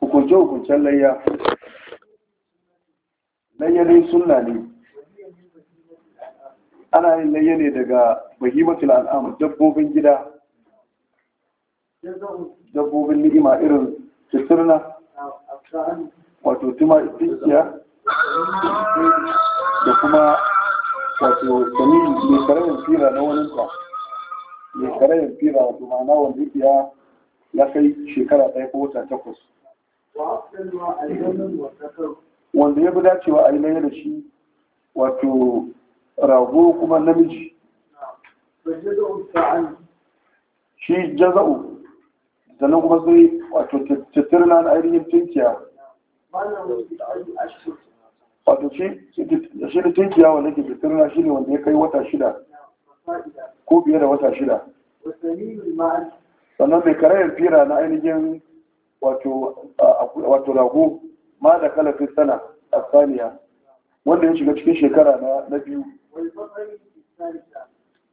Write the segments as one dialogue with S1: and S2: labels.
S1: hukunce-hukuncen layya layya ne suna ne ana yin layya ne daga mahimmatul al'amur dabbobin gida dabbobin ni'ima irin tusirna wato tuma da kuma wato sami mai karayin fira na ka mai karayin fira wato ma'ana wanda ya ya kai shekara ɗaya ko wata takwas wanda ya fi dacewa a yi layar da shi wato rago kuma namiji shi jaza'u sannan kuma sai wato tattirna na ainihin tinkiya wato shi da tinkiya wanda ke tattirna shi ne wanda ya kai wata shida ko biye da wata shida sannan mai karayen fira na ainihin wato rago ma da kalafin sana a saniya wanda ya shiga cikin shekara na biyu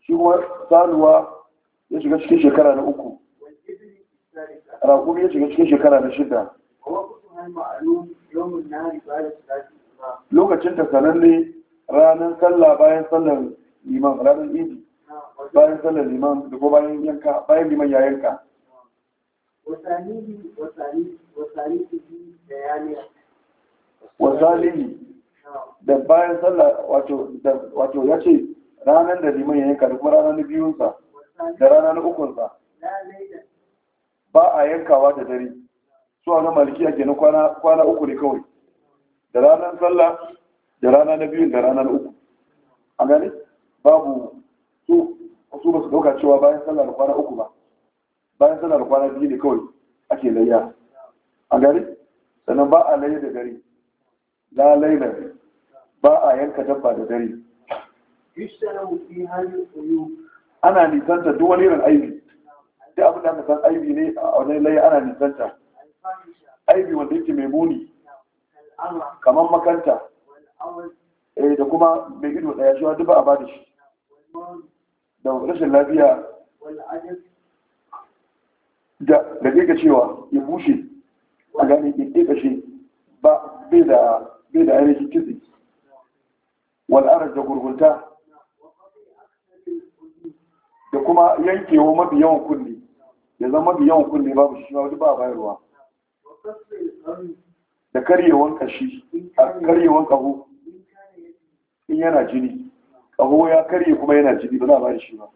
S1: shi kuma sanuwa ya shiga cikin shekara na uku raƙumi ya shiga cikin shekara na shida lokacin ta sananne ranar sallah bayan sallar liman ranar idi bayan sallar liman da ko bayan yanka bayan liman ya yanka wasalihi da bayan sallar wato ya ce ranar da liman ya yanka da kuma ranar biyunsa da ranar na ukunsa ba a yankawa da dare su a na malikiya ke na kwana uku ne kawai da ranar sallah da ranar na da ranar uku a gani babu su Wasu ba su dauka cewa bayan sallar kwana uku ba bayan sallar kwana biyu ne kawai ake layya a gari sannan ba a layya da dare la laila ba a yanka dabba da dare ana nisanta duk wani irin aibi duk abu da san aibi ne a wani layya ana nisanta aibi wanda yake mai muni kamar makanta eh, da kuma mai ido daya shi duk ba a ba da shi da rashin lafiya da daga cewa ya bushe a gane ya ƙeƙashe ba bai da bai da ainihin kitse wal'arar da gurgunta da kuma yankewa mafi yawan kunne ya zama mafi yawan kunne babu shi wani ba bayarwa da karyewan kashi a karyewan kaho in yana jini ƙaho ya karye kuma yana jini ba za a ba shi ba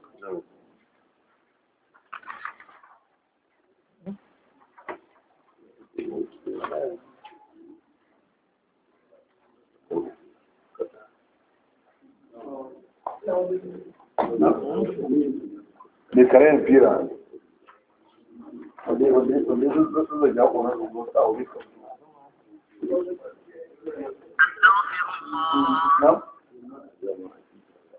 S1: mai karayin fira ne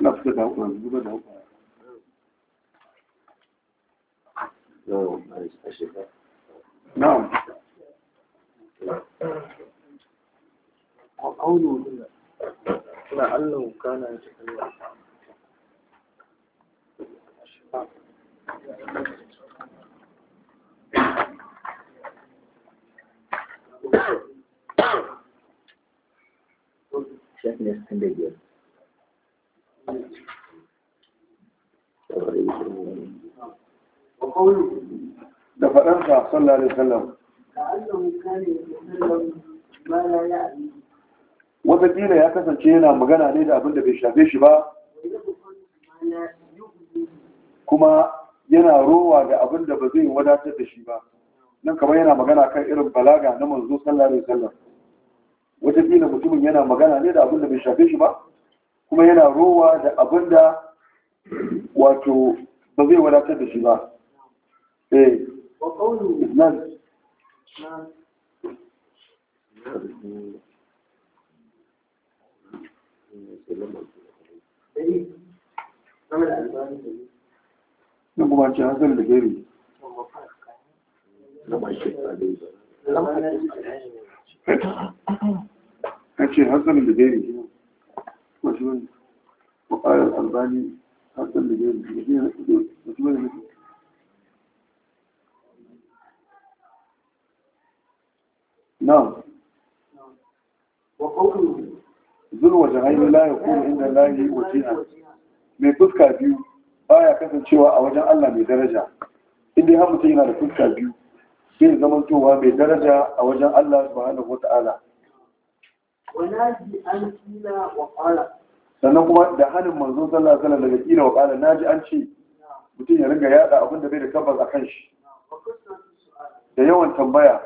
S1: نفس الهواء
S2: نعم وقوله لعله كان يتكلم شيخ
S1: قوله da faɗansa sallallahu alaihi wasallam wataƙila ya kasance yana magana ne da abin da bai shafe shi ba kuma yana rowa da abin da ba zai wadatar da shi ba nan kamar yana magana kan irin balaga na manzo sallallahu alaihi wasallam wataƙila mutumin yana magana ne da abin da bai shafe shi ba kuma yana rowa da abin da wato ba zai wadatar da shi ba eh wa qawlu ce da gari da gari da gari da gari نعم وقوله ذل وجهين لا يكون عند الله وجيها mai fuska biyu baya kasancewa a wajen Allah mai daraja inda har mutum yana da fuska biyu zai towa mai daraja a wajen Allah subhanahu wata'ala sannan kuma da hannun manzon sallah sallah daga kila wa na ji an ce mutum ya ringa yada abin da bai da tabbas a kan shi da yawan tambaya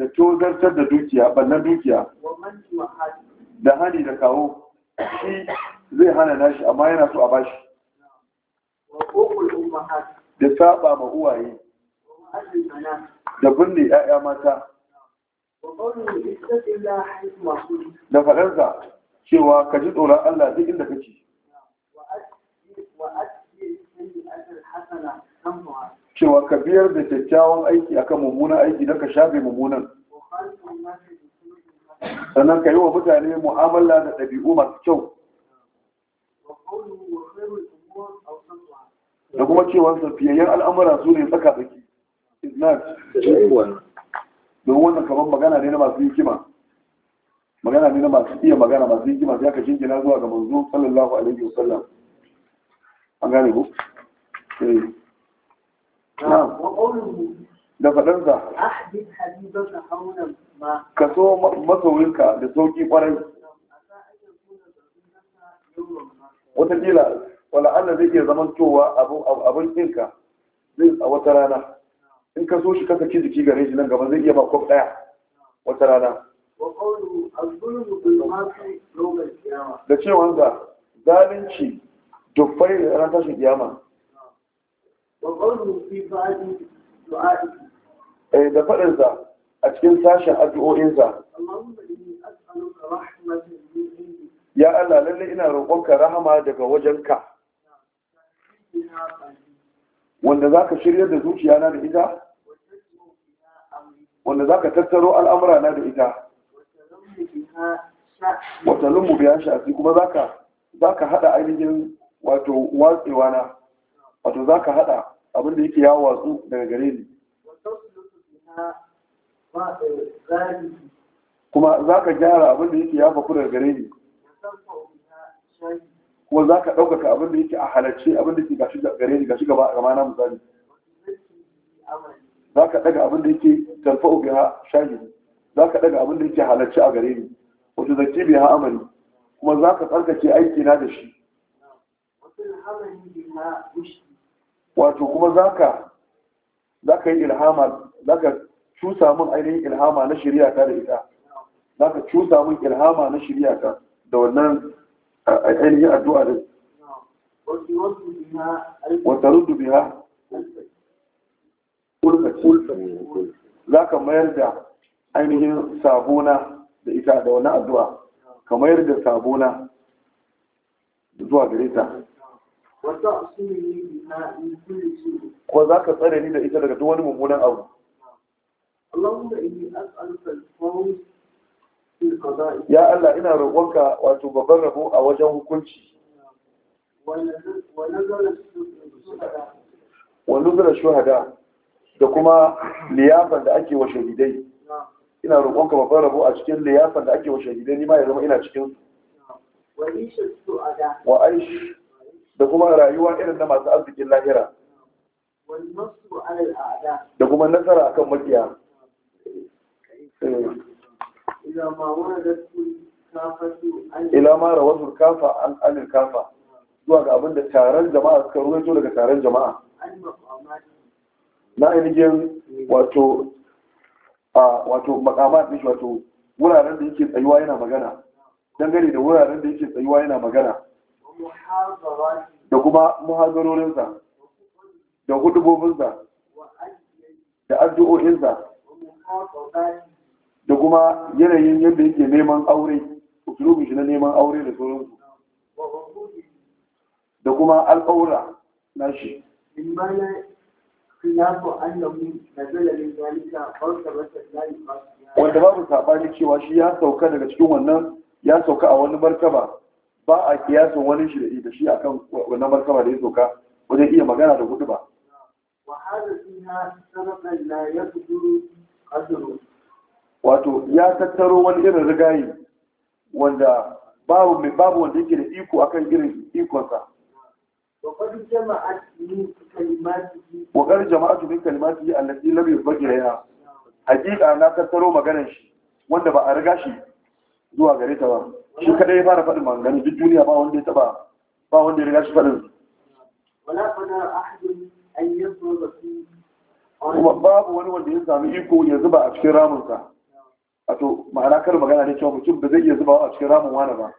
S1: da tozartar da dukiya ɓannan dukiya da hani da kawo shi zai hana nashi amma yana so a bashi da saba ma uwaye da binne 'ya'ya mata da faɗarsa cewa ka ji tsoron Allah duk inda kake cewa ka biyar da kyakkyawan aiki akan mummunan aiki don ka shafe mummunan sannan ka yi wa mutane mu'amala da ɗabi'u masu kyau da kuma cewa safiyayyen al'amura su ne tsaka tsaki don wannan kamar magana ne na masu hikima magana ne na masu iya magana masu hikima sai aka shinkina zuwa ga manzo sallallahu alaihi wasallam an gane ku eh. da faɗarsa ka so masoyinka da sauƙi ƙwarai watakila wala'alla zai iya zaman cewa abin ƙinka zai a wata rana in ka so shi ka saki jiki gare shi nan gaba zai iya ba kwaf ɗaya wata rana da cewansa zalunci da ranar tashin kiyama Eh da faɗinsa a cikin sashen addu'o'insa. Ya Allah lalle ina roƙonka rahama daga wajenka. Wanda za ka shirya da zuciya na da ita? Wanda za ka tattaro al'amura na da ita? Wata lumbu biya shafi kuma za ka haɗa ainihin wato watsewa na. wato za ka haɗa abin da yake yawo watsu daga gare ni kuma za ka gyara abin da yake ya faku daga gare ni kuma za ka ɗaukaka abin da yake a halarci abin da ke gashi gare ni gashi gaba gama na misali za ka ɗaga abin da yake tarfa'u biya shahi za ka ɗaga abin da yake halarci a gare ni wato zaki biya amali kuma za ka tsarkake aiki na da shi wato kuma zaka zaka yi ilhama zaka cusa min ainihin ilhama na shari'a ta da ita zaka cusa min ilhama na shari'a ta da wannan ainihin addu'a din wa taruddu biha za ka mayar da ainihin sabona da ita da wannan addu'a ka mayar da sabona zuwa gare ta Kuwa za ka tsare ni da ita daga duk wani mummunan abu ya Allah ina roƙonka wato babban rabo a wajen hukunci wani zura shuhada da kuma liyafan da ake wa shahidai ina roƙonka babban rabo a cikin liyafan da ake wa shahidai ni ma ya zama ina cikin wa Aisha. da kuma rayuwa irin na masu arzikin lahira da kuma nasara akan makiya ila ma rawazul kafa an anil kafa zuwa ga abin da taron jama'a suka ruwaito daga taron jama'a na ainihin wato a wato makamat ne wato wuraren da yake tsayuwa yana magana dangane da wuraren da yake tsayuwa yana magana da kuma muhazarorinsa da hudubobinsa da addu'o'insa da kuma yanayin yadda yake neman aure usulubin shi na neman aure da sauransu da kuma al'aura na shi wanda babu saɓani cewa shi ya sauka daga cikin wannan ya sauka a wani barkaba. ba a kiyasin wani shi da shi akan wannan martaba da ya soka wajen iya magana da hudu ba wato ya tattaro wani irin rigayi wanda babu mai babu wanda yake da iko akan irin ikonsa
S2: وقد جمعت من كلماته
S1: وقد جمعت من كلماته التي لم يبقي na حقيقه انا maganar shi wanda ba a riga shi zuwa gare ta ba shi kadai ya fara faɗin maganganu duk duniya ba wanda ya taba ba wanda ya riga shi faɗin kuma babu wani wanda ya sami iko ya zuba a cikin ramunsa wato ma'ana kar magana da cewa mutum ba zai iya zuba a cikin ramin wani ba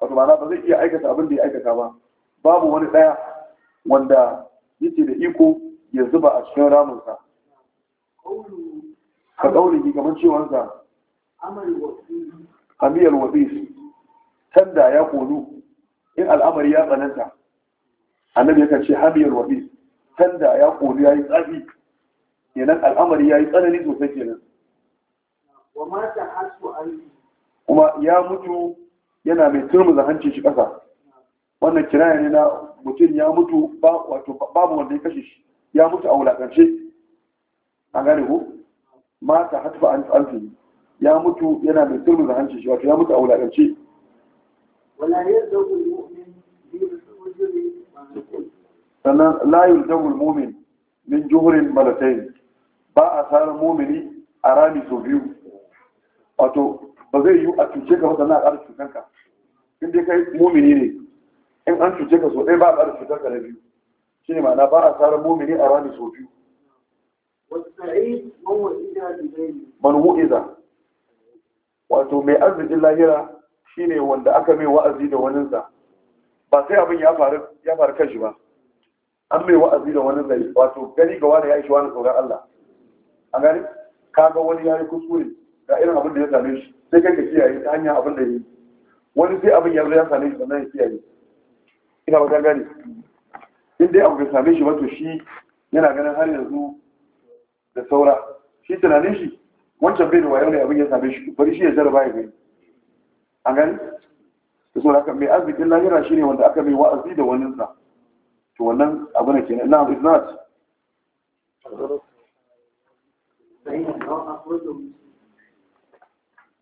S1: wato ma'ana ba zai iya aikata abin da ya aikata ba babu wani ɗaya wanda yake da iko ya zuba a cikin ramunsa ka ɗaure kamar cewansa hamiyar wabis tanda ya konu in al'amari ya tsananta annabi yakan ce hamiyar wabis tanda ya konu ya yi tsafi yanan al'amari ya yi tsanani sosai ke nan kuma ya mutu yana mai turmuza hanci shi ƙasa wannan kiraya ne na mutum ya mutu babu wanda ya kashe shi ya mutu a wulaƙance a gane ku mata ba an tsanfi ya mutu yana mai turmi da hanci shi wato ya mutu a wulakance wala sannan layin yuzawu mu'min min juhurin Malatai ba a tsarin mumini a rami sau biyu wato ba zai yi a cuce ka wata a ƙara cutanka in dai kai mumini ne in an cuce ka sau ɗaya ba a ƙara ka na biyu shi ne ma'ana ba a tsarin mumini a rami sau biyu man mu'iza wato mai arzikin lahira shine wanda aka mai wa'azi da waninsa ba sai abin ya faru kashi kanshi ba an mai wa'azi da wani zai wato gani ga wani ya yi shi wani tsoron Allah a gani kaga wani ya yi kuskure ga irin abin da ya same shi sai kai ka kiyaye ta hanyar abin da ya yi wani sai abin ya zo ya same shi sannan ya kiyaye ina ba gani in dai abu ya same shi ba to shi yana ganin har yanzu da saura shi tunanin shi wancan bai da wayo ne abin ya same shi bari shi ya zara ya bai an gani da sau haka mai arzikin lahira shi ne wanda aka mai wa'azi da sa to wannan abu ne ke na is not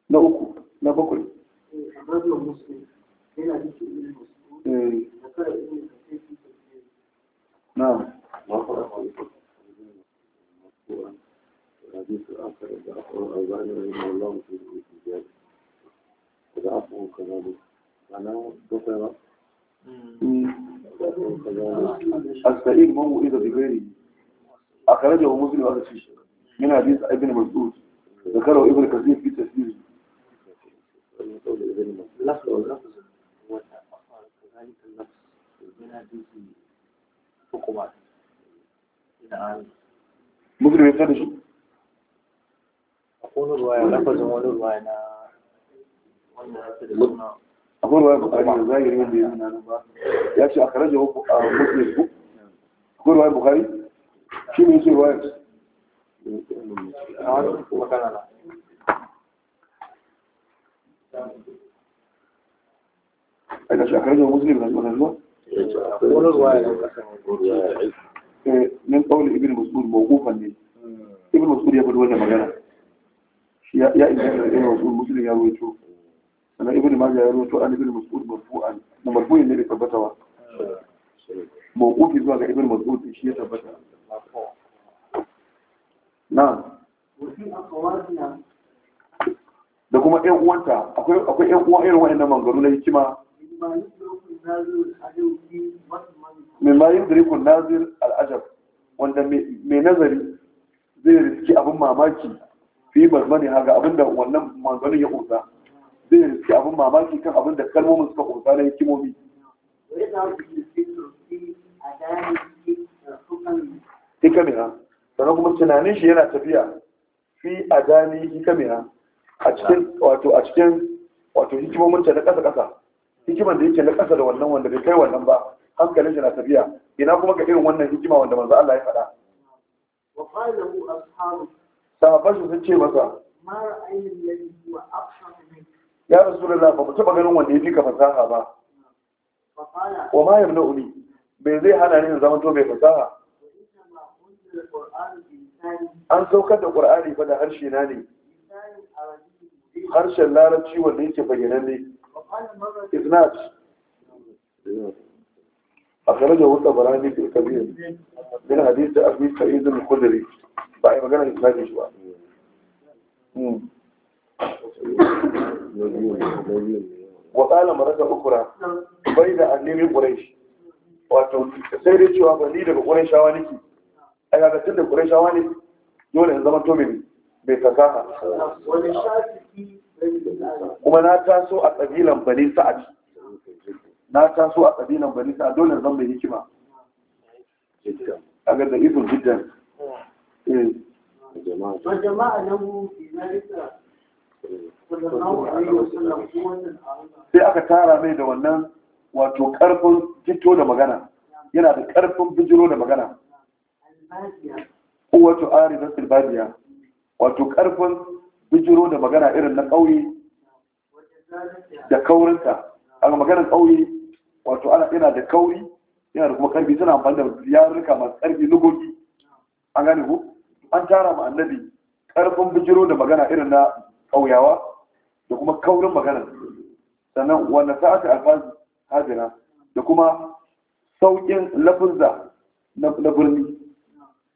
S1: na uku na bakwai
S2: eh. na الحديث الآخر ضعفه الألباني رحمه الله في الاحتجاج
S1: وضعفه كذلك معناه ذكر السائل ما هو إذا بغيره أخرجه مسلم هذا الشيء من حديث ابن مسعود ذكره ابن كثير في تفسيره
S2: اللفظ واللفظ هو كذلك اللفظ من حديث فقبات
S1: مسلم يفتح شيء
S2: wani ruwaya lafazin na
S1: akwai ruwaya bukari da zahiri wanda ya nuna ba ya ce a karaje a akwai ruwaya bukari shi ne ce ruwaya a wani a ƙarshe a karaje muslim ruwaya eh, ne hmm. ibn masud ya magana ya isa da ya wasu musulun ya roto sannan ibn majah ya roto an ibn mas'ud marfu'an na marfu'in ne bai tabbata wa. mawqufi zuwa ga ibn mas'ud shi ya tabbata na da kuma 'yan uwanta akwai 'yan uwa irin wa'annan mangaru na hikima Mai ma yudriku nazir al-ajab wanda mai nazari zai riski abin mamaki fi mazmani haga abinda wannan manzanin ya ƙunsa zai ci abin mamaki kan abinda kalmomin suka ƙunsa na hikimomi hikamina sannan kuma tunanin shi yana tafiya fi adani hikamina a cikin wato a cikin wato hikimomin ta na ƙasa ƙasa hikiman da yake na ƙasa da wannan wanda bai kai wannan ba hankalin shi na tafiya ina kuma ga irin wannan hikima wanda manzo Allah ya faɗa
S2: wa qalahu ashabu
S1: sahabban bashi sun ce masa ya rasu da ba mu taɓa ganin wanda ya fi ka fasaha ba wa ma yamna uni bai zai hana ni zama to bai fasaha an saukar da ƙur'ani fa da harshe na ne harshen larabci wanda yake bayyanan ne Is isnat a kare da wuta barani bil kabir min hadisi abi sa'id al-khudri ba a yi magana da isnadin shi ba wa ƙala da ukura bai da annimi ƙuraishi wato sai dai cewa ba ni daga ƙuraishawa nake a yagacin da ƙuraishawa ne dole in zama to bai fasaha kuma na taso a ƙabilan bani sa'ad na taso a ƙabilan bani sa'ad dole zan bai hikima a ga da izin jiddan sai aka tara mai da wannan wato karfin fito da magana yana da karfin bijiro da magana wato arizar silbaniya wato karfin bijiro da magana irin na ƙauye da kaurinta a maganar ƙauye wato ana yana da kauri yana da kuma karfi suna amfani da yarurruka masu karfi lugogi an gane ku an tara ma annabi ƙarfin bijiro da magana irin na ƙauyawa da kuma kaurin magana sannan wanda sa'ata alfazi hajjina da kuma sauƙin lafunza na birni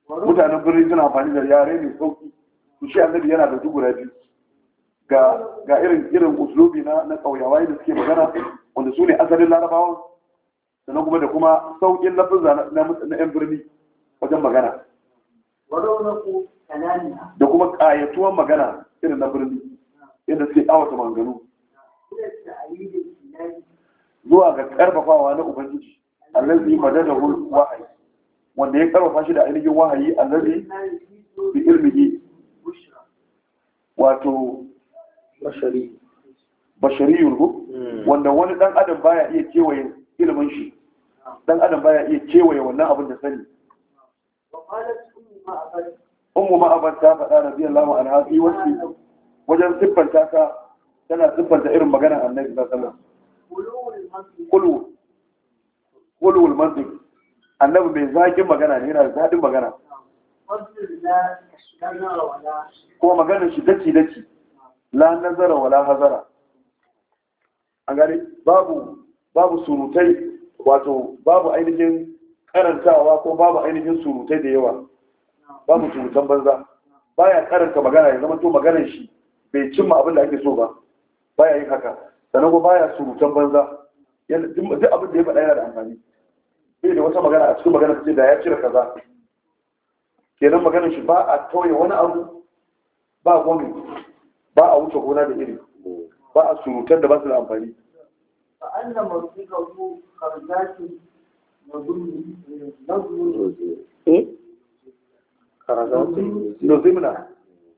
S1: mutanen birni suna amfani da yare mai sauƙi su shi annabi yana da dubura biyu ga irin irin uslubi na na ƙauyawa da suke magana wanda su ne asalin larabawan sannan kuma da kuma sauƙin lafunza na 'yan birni wajen magana da kuma ƙayatuwan magana irin na birni inda suke ƙawata manganu zuwa ga ƙarfafawa na ubangiji allazi madadahu wahayi wanda ya ƙarfafa shi da ainihin wahayi allazi
S2: bi ilmihi
S1: wato bashari yurgu hmm. wanda wani dan adam baya iya kewaye ilimin shi dan adam baya iya kewaye wannan abin da sani ummu ma'abar ta faɗa radiyallahu anha fi wasi wajen siffanta ta tana siffanta irin magana annabi sallallahu
S2: alaihi wasallam
S1: kulul kulul manzik annabi mai zakin magana ne yana da magana ko maganar shi daci daci la nazara wala hazara an gani babu babu surutai wato babu ainihin karantawa ko babu ainihin surutai da yawa Ba mu tutan banza baya karanta magana ya zama to maganar shi bai cimma abin da ake so ba baya yin haka sanan kuma baya surutan banza duk abin da ya faɗa yana da amfani bai da wata magana a cikin magana ce da ya cire kaza kenan maganar shi ba a tauye wani abu ba gomi ba a wuce gona da iri ba a surutan da ba su da amfani Eh? nuzimna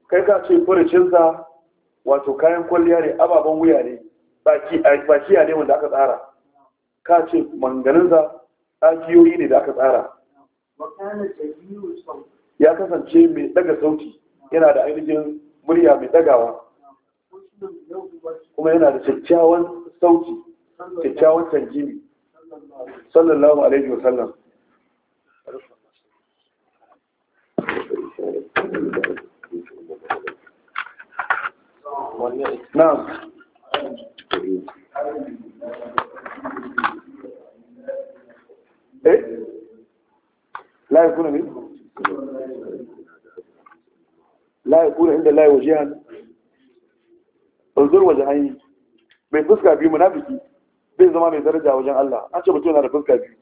S1: kai ka ce furicinsa wato kayan kwalliya ne ababen wuya ne ba kiya eh, ne wanda aka tsara ka ce manganinsa ɗakiyoyi ne da aka tsara ya kasance mai daga sauti yana da ainihin murya mai dagawa kuma yana da kyakkyawan sauti kyakkyawan canjimi sallallahu alaihi wasallam نعم ايه لا يكون مين لا يكون عند الله وجهان انظر وجهين mai fuska biyu munafiki bai zama mai daraja wajen Allah an ce mutum yana da fuska biyu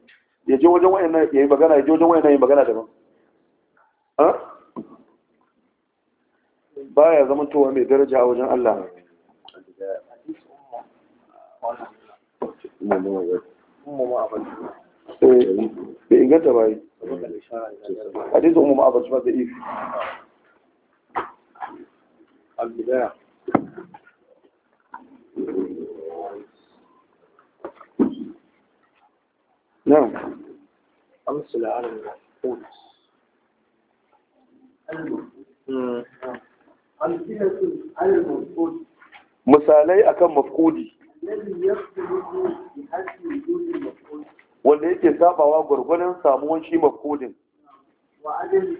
S1: ya je wajen wayannan ya yi magana ya je wajen wayannan ya yi magana daban baya zamantowa mai daraja a wajen Allah bai inganta ba yi hadisun umu ma'abarci ba da ifi نعم أمثلة على القول misalai akan mafkudi wanda yake sabawa gwargwanin samuwan shi mafkudin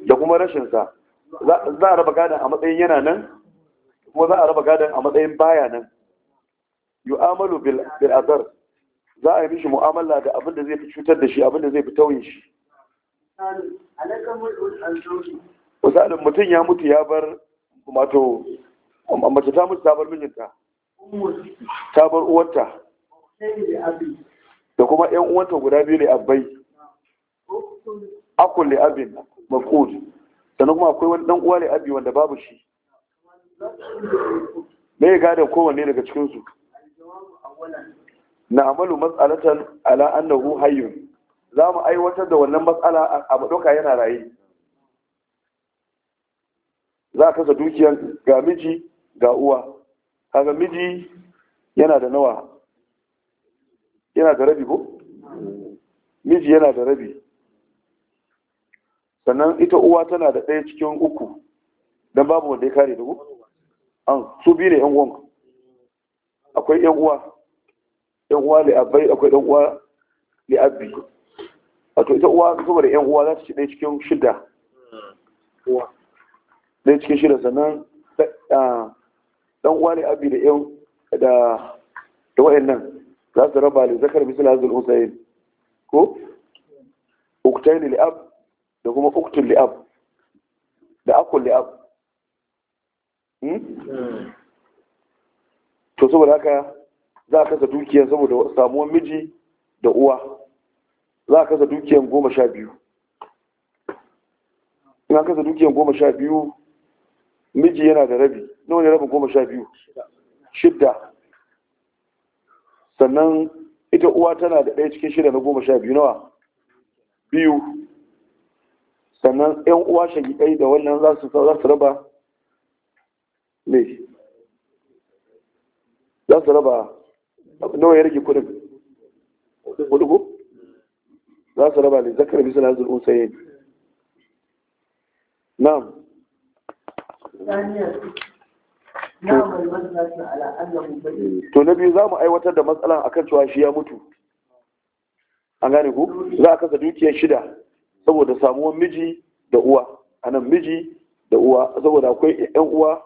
S1: da kuma rashinsa za a raba gadon a matsayin yana nan kuma za a raba gadon a matsayin baya nan yu'amalu bil azar za a yi mishi mu'amala da abin da zai fi cutar da shi abin da zai fi tauyin shi misalin mutum ya mutu ya bar kuma to mace ta mutu ta bar mijinta ta bar uwarta da kuma yan uwanta guda biyu ne abbai akul li abin Da sannan kuma akwai wani dan uwa li abi wanda babu shi me ya gada kowanne daga cikin su na amalu mas'alatan ala annahu hayyun za mu aiwatar da wannan matsala a maɗoka yana raye za a kasa dukiyar ga miji ga uwa kaga miji yana da nawa yana da rabi ko miji yana da rabi sannan ita uwa tana da ɗaya cikin uku don babu wanda ya kare da an su biyu ne 'yan uwan akwai 'yan uwa 'yan uwa li'abbai akwai 'yan uwa li'abbi to ita uwa saboda 'yan uwa za su ci ɗaya cikin shida uwa ɗaya cikin da sannan ɗan ah, uwa abi da yau da da wayannan za su raba da zakar misal azul husayn ko uktain ab da kuma uktul ab da akul hmm to saboda haka za a kasa dukiya saboda samuwar miji da uwa za a kasa dukiyan goma sha biyu in kasa dukiyan goma sha biyu miji yana da rabi nawa ne rabin goma sha biyu shidda sannan ita uwa tana da ɗaya cikin shida na goma sha biyu nawa biyu sannan yan uwa shagiɗai da wannan za su raba ne za su raba nawa ya rage kudin hudu za su raba ne zakar bisa na zulun sayin na'am to na biyu za mu aiwatar da matsalan akan cewa shi ya mutu an gane ku za a kasa dukiyar shida saboda samuwar miji da uwa a nan miji da uwa saboda akwai yan uwa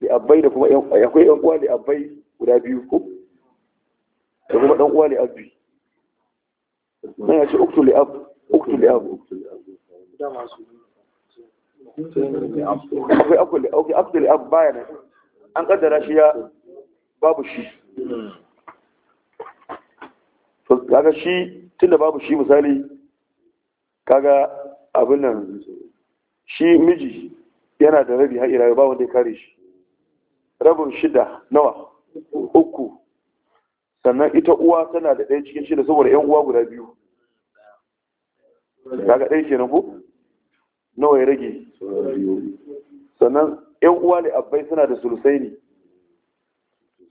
S1: da abai da kuma akwai yan uwa da abai guda biyu ko da kuma dan uwa da abbi na ya ce uktu li ab uktu li uktu li akwai akwai akwai akwai abu baya an kaddara shi ya babu shi kaga shi tunda babu shi misali kaga abin nan shi miji yana da rabi har iraye ba wanda ya kare shi rabin shida nawa uku sannan ita uwa tana da ɗaya cikin shida saboda yan uwa guda biyu kaga ɗaya kenan ko nawa ya rage sannan yan uwa ne abbai suna da sulusai ne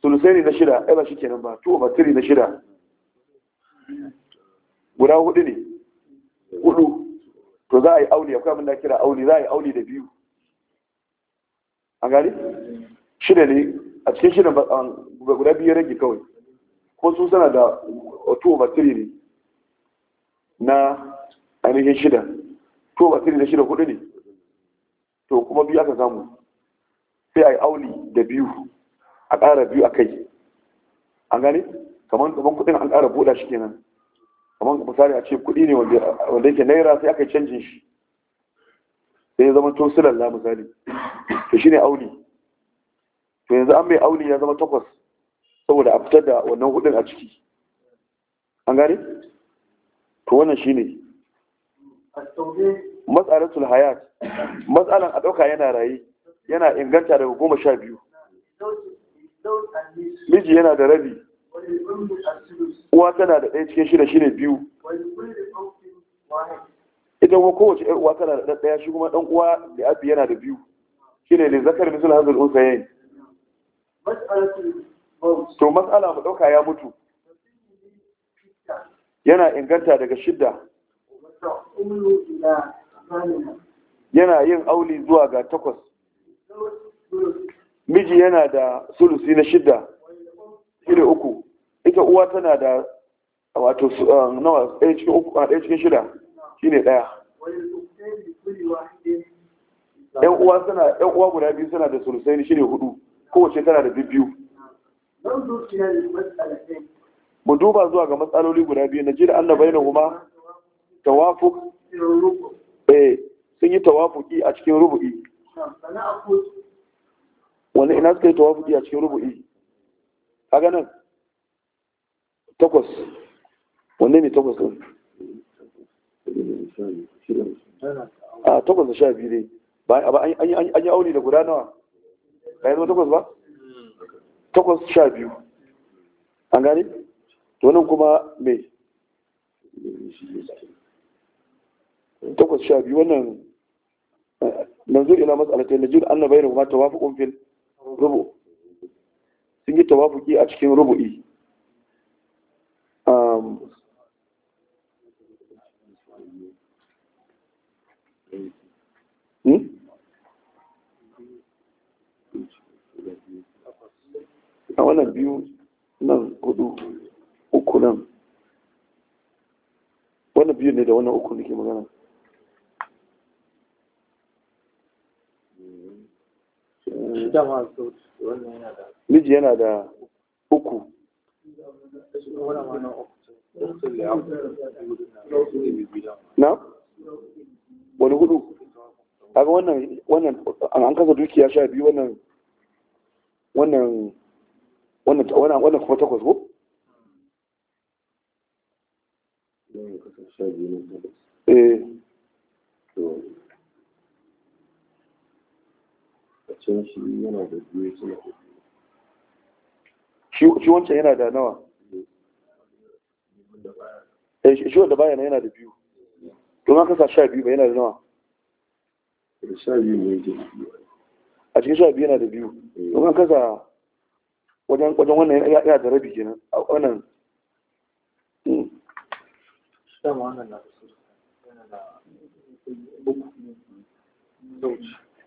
S1: sulusai ne na shida ai ba shi kenan ba tuwa batiri na shida guda hudu ne hudu to za a yi auli akwai abin da kira auli za a yi auli da biyu a gari shida ne a cikin shida shirin guda biyu rage kawai ko su suna da tuwa batiri ne na ainihin shida to basiri da da kuɗi ne to kuma biyu aka samu sai a yi auli da biyu a ƙara biyu a kai an gane kamar gaban kuɗin an ƙara buɗa shi kenan kamar misali a ce kuɗi ne wanda yake naira sai aka canjin shi sai ya zama to silalla misali to shine auli to yanzu an mai auli ya zama takwas saboda a fitar da wannan hudun a ciki an gane to wannan shine matsalatul hayat matsalan a ɗauka yana raye yana inganta daga goma sha biyu miji yana da rabi uwa tana da ɗaya cikin shida shine biyu ita kuma kowace 'yar uwa tana da ɗaya shi kuma ɗan uwa da abi yana da biyu shi ne zakar misal unsa yayi to matsala mu ɗauka ya mutu yana inganta daga shidda yana yin auli zuwa ga takwas miji yana da sulusi na shida shida uku ita uwa tana da wato uh, nawa ɗaya cikin a cikin shida shine ɗaya yan uwa suna yan uwa guda biyu suna da sulusai ne shine hudu kowace tana da biyu mu duba zuwa ga matsaloli guda biyu na ji da annabai na kuma tawafuk eh sun yi tawafuki a cikin rubu'i wani ina suka yi tawafuki a cikin rubu'i a ganin takwas wanne ne takwas ɗin a ah, takwas da sha biyu ne an yi auni da guda nawa ba ya zama takwas ba takwas sha biyu an gane to kuma mai takwas sha biyu wannan nanzu eh, ila mas'alatai najid anna bainahuma tawafuqun fil rubu sun yi tawafuki a cikin rubu'i um, hmm? a wannan biyu nan hudu uku nan wannan biyu ne da wannan uku nake magana Eh, miji yana da uku na wani hudu haka wannan wannan an kasa dukiya sha biyu wannan wannan wannan wannan wannan kuma takwas ko eh wancan shi yana da biyu suna da shi wancan yana da nawa eh, shi wanda baya na yana da biyu don haka sa sha biyu ba yana da nawa sha biyu ne a cikin sha biyu yana da biyu don eh. haka sa wajen wannan yana da rabi kenan a wannan hmm.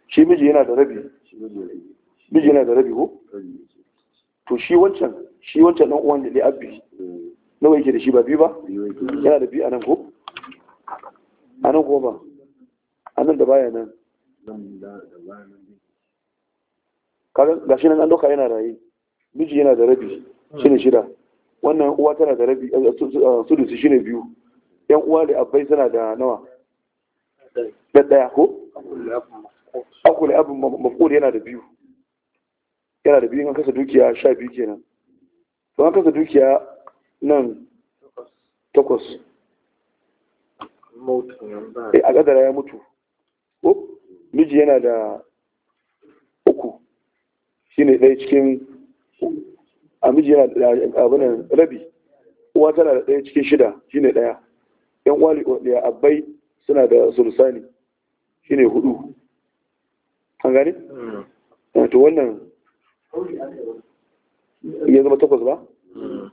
S1: shi miji yana da rabi Duk yana da rabi ko to shi wancan shi wancan dan uwan da dai abbi nawa yake da shi ba biyu ba yana da biyu anan ko anan ko ba anan da baya nan kaga gashi nan an doka yana rayi miji yana da rabi shine shida wannan uwa tana da rabi eh, eh, shi shine biyu yan uwa da abbai suna da nawa da daya ko akul abin maf'ul yana da biyu yana da biyu an kasa dukiya sha biyu kenan to an kasa dukiya nan takwas a kadara eh, ya mutu miji yana da uku shine ɗaya cikin a miji yana da abinan rabi uwa tana da ɗaya cikin shida shine ɗaya yan wali ɗaya abbai suna da sulusani ne hudu an gani? wato eh, wannan ya zama takwas ba? Hmm,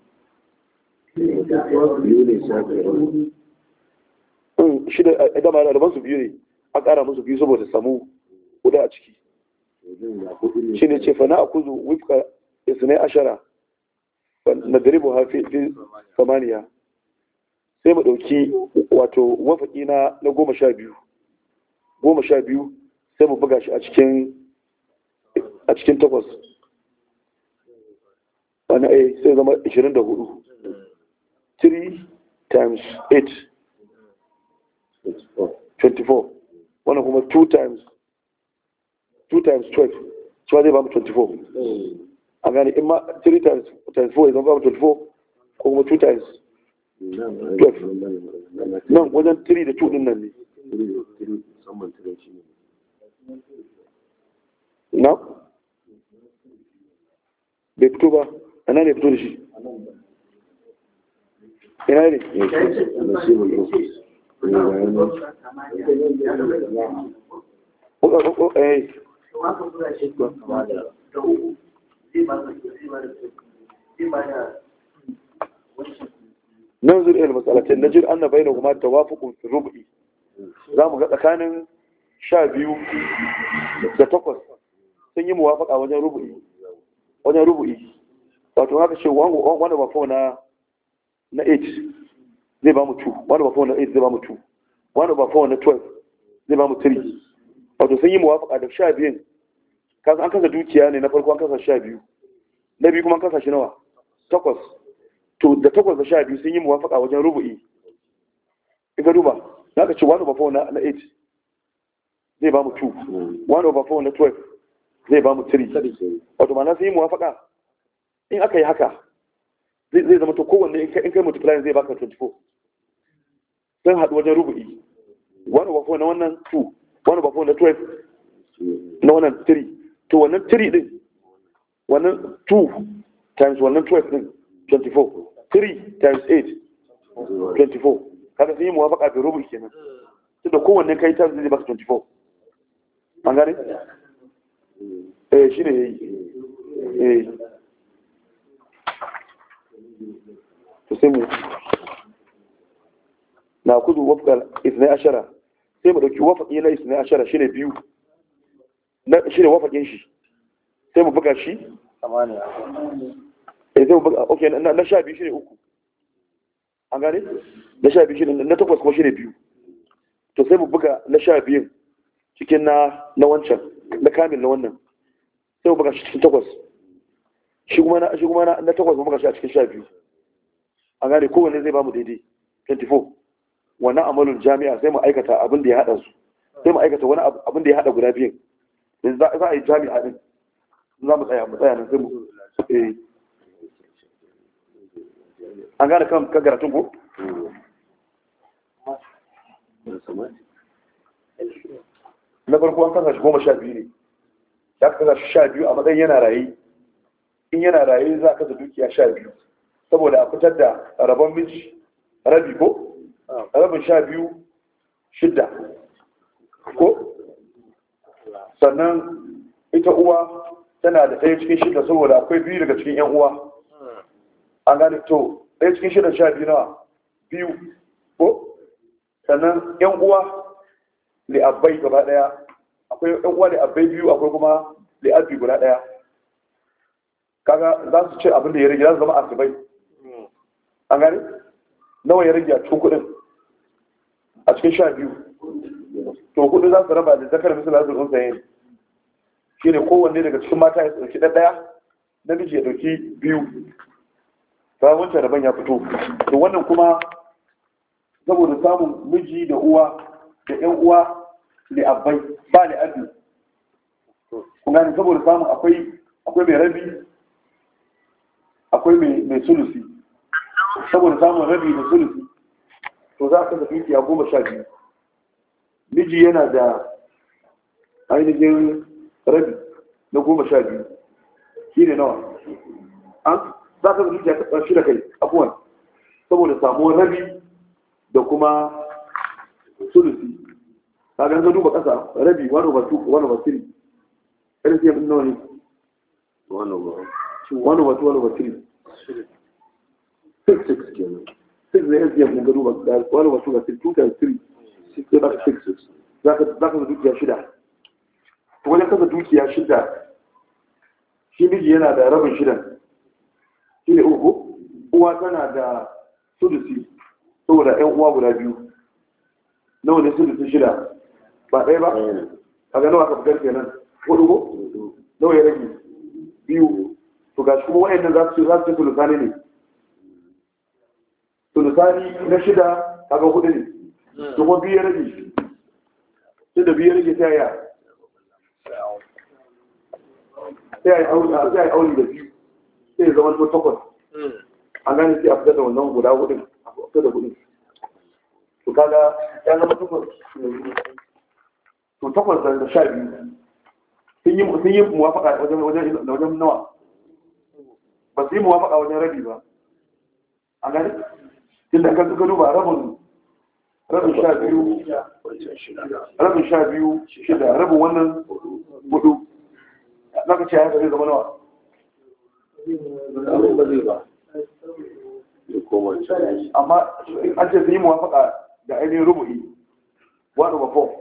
S1: shi ne shida a eh, dama da su biyu ne a ƙara musu biyu saboda samu kuda a ciki shi ne ce fana a kuzu wifka isnai ashara na garibu hafi samaniya sai mu ɗauki wato wafaƙi na goma sha biyu goma sha biyu sai mu buga shi a cikin takwas wani a eh, sai zama 24 3 times 8 24 wannan kuma 2 times 2 times 12 shi zai ba mu 24 a gani in ma 3 times 4 ya zama ba mu 24 ko kuma 2 times 12 nan wajen 3 da 2 din nan ne na bai fito ba a nan ne fito da shi ina ne ننظر إلى المسألة نجد أن بينهما توافق في الربع زي ما sha biyu da takwas sun yi muwafaka wajen rubu'i wajen rubu'i wato haka ce wanda ba fauna na 8 zai ba mu 2 wanda ba na 8 zai ba mu 2 wanda ba na 12 zai ba mu 3 wato sun yi muwafaka da sha biyun kasan an kasa dukiya ne na farko an kasa sha biyu na biyu kuma an kasa shi nawa takwas to da takwas da sha biyu sun yi muwafaka wajen rubu'i in ka duba za ka ce wani ba na 8 zai ba mu 2 1 over 4 na 12 zai ba mu 3 wato ma sai yi muwafaka in aka yi haka zai zama to kowanne in kai multiply zai baka 24 sun haɗu wajen rubu'i 1 over 4 na wannan 2 1 over 4 na 12 na wannan 3 to wannan 3 din wannan 2 times wannan 12 din 24 3 times 8 24 kaga sun yi muwafaka da rubu'i kenan tunda kowanne kai times zai baka 24 mangari eh shi ne ya eh. to sai mu na kudu wafkar isnai ashara sai mu ɗauki wafaƙi na isnai ashara shi ne biyu shi ne wafaƙin shi sai mu buga shi eh sai mu buga ok na sha biyu shi ne uku an gane na sha biyu shi ne na takwas kuma shi ne biyu to sai mu buga na sha biyu cikin na na wancan na kamil na wannan sai ka shi cikin takwas shi kuma na shi kuma na takwas ba ka shi a cikin sha biyu an gane kowanne zai bamu daidai 24 wannan amalin jami'a sai mu aikata abin da ya hada su sai mu aikata wani abin da ya hada guda biyan. yanzu za a yi jami'a din za mu tsaya mu tsaya nan sai mu eh. an gane kan kagaratun ko Thank you. na farko an kasa shi goma sha biyu ne ya kasa shi sha biyu a matsayin yana raye in yana raye za a kasa dukiya sha biyu saboda a fitar da rabon miji rabi ko rabin sha biyu shidda ko sannan ita uwa tana da ɗaya cikin shida saboda akwai biyu daga cikin yan uwa an gane to ɗaya cikin shida sha biyu nawa biyu ko sannan yan uwa li'abbai gaba daya akwai yan uwa li'abbai biyu akwai kuma li'abbi guda daya kaga za su ce abin da ya rage za su zama asibai an gani nawa ya rage a cikin kuɗin a cikin sha biyu to kuɗi za su raba da zakar misali da zurfin saye shi ne kowanne daga cikin mata ya ɗan ɗaya namiji ya ɗauki biyu ta wancan rabon ya fito to wannan kuma saboda samun miji da uwa da 'yan uwa li abai ba da abin kuma ne saboda samun akwai akwai mai rabi akwai mai sulusi saboda samun rabi da sulusi to za ka tafi ya goma sha biyu miji yana da ainihin rabi na goma sha biyu shi ne nawa an za ka tafi ya taɓa shi da kai abuwan saboda samun rabi da kuma sulusi kaga ga duba kasa rabi one over two one over three lcm nawa ne One over two one over three six six kenan six ne lcm ɗin ga duba one over two ga six two times three six ne baka six six za ka zama dukiya shida to wajen kasa dukiya shida shi miji yana da rabin shida shi ne uku uwa tana da sudusi saboda 'yan uwa guda biyu nawa ne sudusi shida ba ɗaya ba eh. a gano kafin fitar nan hudu ko nawa ya rage biyu to gashi kuma wa'annan za su ce za su ce ne tulisani na shida ga hudu ne eh. to kuma biyu ya rage shi? da biyu ya rage ta yaya sai a yi auni da biyu sai ya zama to takwas eh. an gane sai a fitar da wannan guda hudu a fitar da hudu to kaga ya zama takwas to takwas da sha biyu sun yi wajen wajen wajen nawa ba su wajen rabi ba a gani tunda kan suka duba rabin rabin shida rabin wannan hudu za ka ce ya zai zama nawa amma an ce sun yi muwafaka da ainihin rubu'i 1 over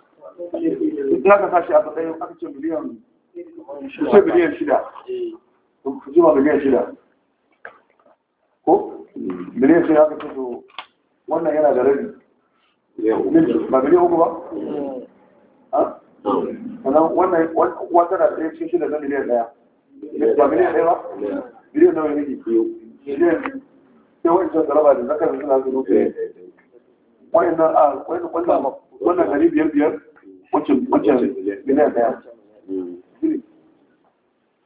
S1: in aka sashi a matsayin aka ce miliyan ce miliyan shida jima miliyan shida ko miliyan shida aka ce to wannan yana da rabi ba miliyan uku ba sannan wannan uwa tana ɗaya cikin shida na miliyan ɗaya ba miliyan ɗaya ba miliyan nawa ne miliyan sai wancan zaraba da zakar suna zuwa wannan a wannan gari biyar biyar wacin wacin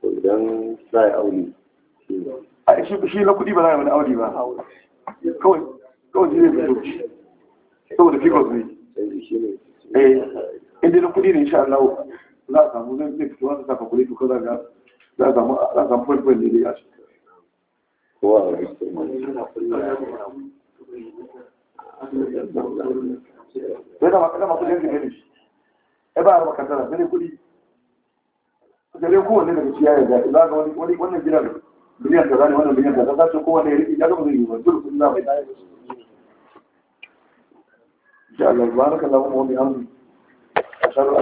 S2: idan
S1: za a aure a shi na kudi ba za a aure ba kawai ne saboda eh inda na kudi ne Allah za a samu zai zai fito za a samu a samu ne shi kowa a da masu ne ai ba a makantara sai dai kuɗi sai dai kowanne daga ciya ya ga a ga wani wannan gidan miliyan kaza ne wannan miliyan kaza ce ko kowanne ya riƙe ya gaba zai yi ba dole kuɗi insha Allah baraka